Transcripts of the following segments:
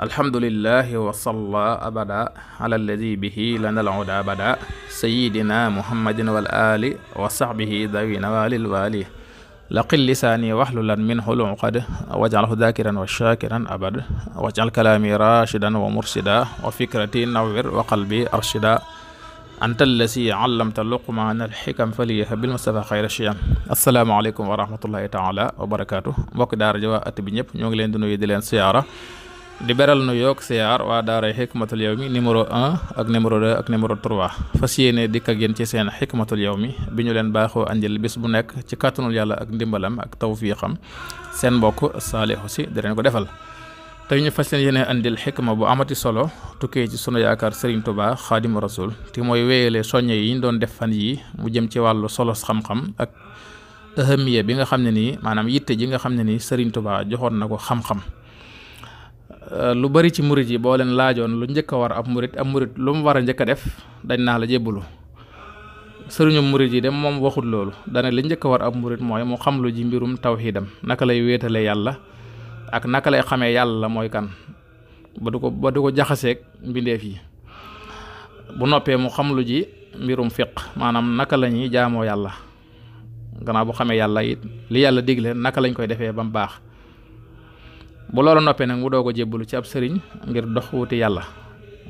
alhamdulillahi wa salla abada ala alladi bihi lana al-uda abada sayidina muhammadin wal ali wa sahbihi dawina walil wali laqil lisaani waxlulan minhu luqad waj'alhu dhakiran wa shakiran abad waj'al kalaami rashidan wa mursida wa fikrati nawwir wa qalbi arshida anta allasi allamta luqmaana alxikam faliyaha bil mustafa xayra shiyam asalaamaaleykum wa rahmatullahi taala wa barakaatu mbokki daara ja waa at bi ñëpp ñoo ngi leen di nuyu di leen siyaara di beral nu yokk siyaar waa daaray xikmatul yawmi numéro 1 ak numéro 2 ak numéro 3 fas yéene dikk ak ci seen xikmatul mi bi ñu leen baaxoo andil bés bu nekk ci kàttanul yàlla ak ndimbalam ak taw xam seen mbokk Saalihu Si di leen ko defal te ñu fas yéene andil xikma bu amati solo tukkee ci sunu yaakaar Serigne Touba Xaadimu Rasuul te mooy wéyale soññe yi ñu doon def fan yi mu jëm ci wàllu solo xam-xam ak ahamiya bi nga xam ne nii maanaam yitte ji nga xam ne nii Serigne Touba joxoon na ko xam Euh, lu bari ci murit yi boo leen laajoon lu njëkk a war ab murit ab murit lu mu war a njëkk def dañ naa la jébbalu sëriñu murit yi dem moom waxut loolu dana lu njëkk a war ab murit mooy mu xam ji mbirum tawxiidam naka lay wéetale yàlla ak naka lay xamee yàlla mooy kan ba du ko jaxaseeg mbindeef yi bu noppee mu xam ji mbirum fiq maanaam naka la ñuy jaamoo yàlla gannaaw bu xamee yàlla it li yàlla digle naka lañ koy defee ba mu baax bu loolu noppee nag mu doo ko jébbalu ci ab sëriñ ngir dox wuti yàlla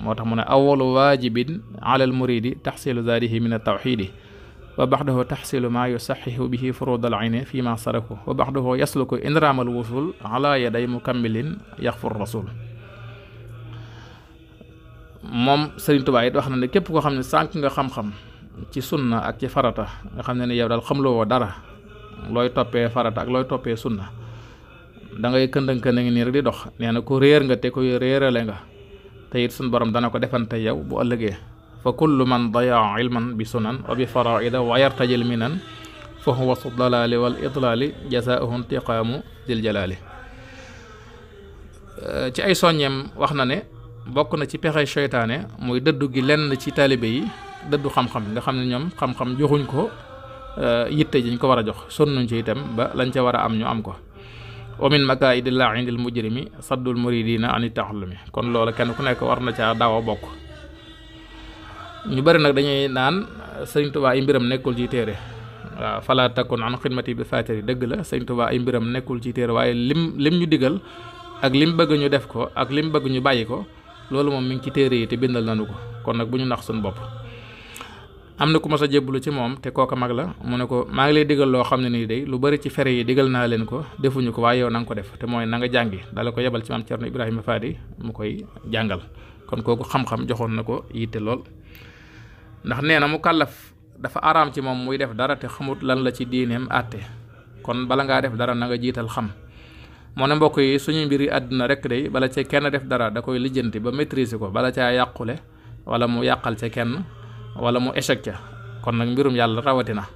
moo tax mu ne awalu waajibin alal muridi taxsilu zaadihi min at-tawxiidi wa baxdahu taxsilu maa yusaxixu bihi furud al ayni fi ma saraku wa baxdahu yasluku indraamal wusul ala yaday mukammilin yaxfur rasul moom Sëriñ Tuubaa it wax na ne képp koo xam ne sànq nga xam-xam ci sunna ak ci farata nga xam ne ne yow daal xamloo woo dara looy toppee farata ak looy toppee sunna da ngay këndëng-këndëng nii rek di dox nee na ku réer nga te ku réerale nga te it suñ borom dana ko defante yow bu ëllëgee fa kullu man dayaa ilman bi obi wa bi faraida wa mi minan fa wax su dalaali wal idlaali jazaauhu intiqaamu dil jalaali ci ay soññeem wax na ne bokk na ci pexe seytaane muy dëddu gi lenn ci taalibe yi dëddu xam-xam nga xam ne ñoom xam-xam joxuñ ko euh, yitte jiñ ko war a jox sonnuñ ci itam ba lañ ca war a am ñu am ko wa min makaayidi laa indil mujrimi saddul muridina ani taxallumi kon loola kenn ku nekk war na caa daaw a bokk ñu bari nag dañuy naan sëñ Tuubaa ay mbiram nekkul ci téere waaw fala takun an xidmati bi faatiri dëgg la sëñ Tuubaa ay mbiram nekkul ci téere waaye lim lim ñu digal ak lim bëgg ñu def ko ak lim bëgg ñu bàyyi ko loolu moom mi ngi ci téere yi te bindal nañu ko kon nag bu ñu nax suñu bopp am na ku mas a jébbalu ci moom te kooka mag la mu ne ko maa ngi lay digal loo xam ne nii day lu bari ci fere yi digal naa leen ko defuñu ko waaye yow na ko def te mooy na nga jàngi dala ko yebal ci maam Cerno Ibrahima Fadi mu koy jàngal kon kooku xam joxoon na ko yitte lool ndax nee na mu kàllaf dafa araam ci moom muy def dara te xamut lan la ci diineem àtte kon bala ngaa def dara na nga jiital xam moo ne mbokk yi suñu mbiri àdduna rek day bala cee kenn def dara da koy lijjanti ba maîtriser ko bala caa yàqule wala mu yàqal ca kenn wala mu échec ca kon nag mbirum yàlla rawatina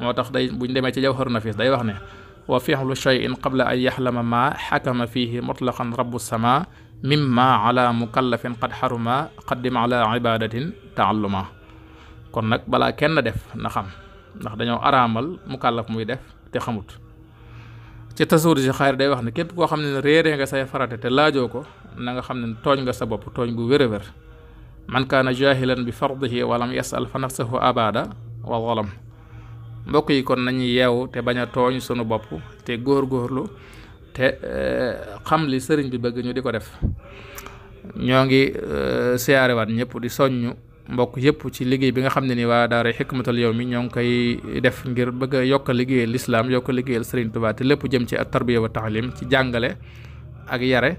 moo tax day buñ demee ci na nafis day wax ne lu fi'lu shay'in qabla an yaxlama ma ma xakama fihi mutlaqan rabbu sama mimma ala mukallafin qad xaruma qaddim ala ibadatin taalluma kon nag balaa kenn def na xam ndax dañoo araamal mukallaf muy def te xamut ci tasuur si xaar day wax ne képp koo xam ne réeree nga say farate te laajoo ko na nga xam ne tooñ nga sa bopp tooñ bu wér a man kaana jaahilan bi fardihi walam yasal fa nafsahu abada wa zalam mbokk yi kon nañu yeewu te bañ a tooñ sunu bopp te góor-góorlu te eh, xam li sëriñ bi bëgg ñu di ko def ñoo ngi eh, siyaarewaat ñëpp di soññ mbokk yëpp ci liggéey bi nga xam ne ni waa daara xikmatul yawmi ñoo ngi koy def ngir bëgg yokk a liggéeyal lislaam yokk a liggéeyal sëriñ Tuubaa te lépp jëm ci at tarbiya wa taalim ci jàngale ak yare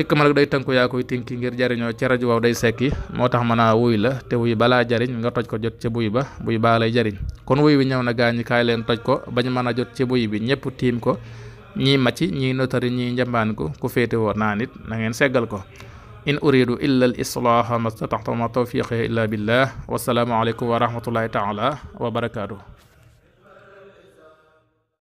xikma nag day tënku yaa koy tinki ngir jariñoo ci rajo waaw day sekki moo tax mën a wuy la te wuy balaa jariñ nga toj ko jot ci buy ba buy baa lay jariñ kon wuy wi ñëw na gaañi kaay leen toj ko bañ mën a jot ci buy bi ñëpp tiim ko ñii macc ñii notari ñii njambaan ko ku féete woon naa nit nangeen seggal ko in uridu illa al islaaha ma stataxtu ma tawfiqi illa billah wasalaamu aleykum wa rahmatullahi taala wa barakaatu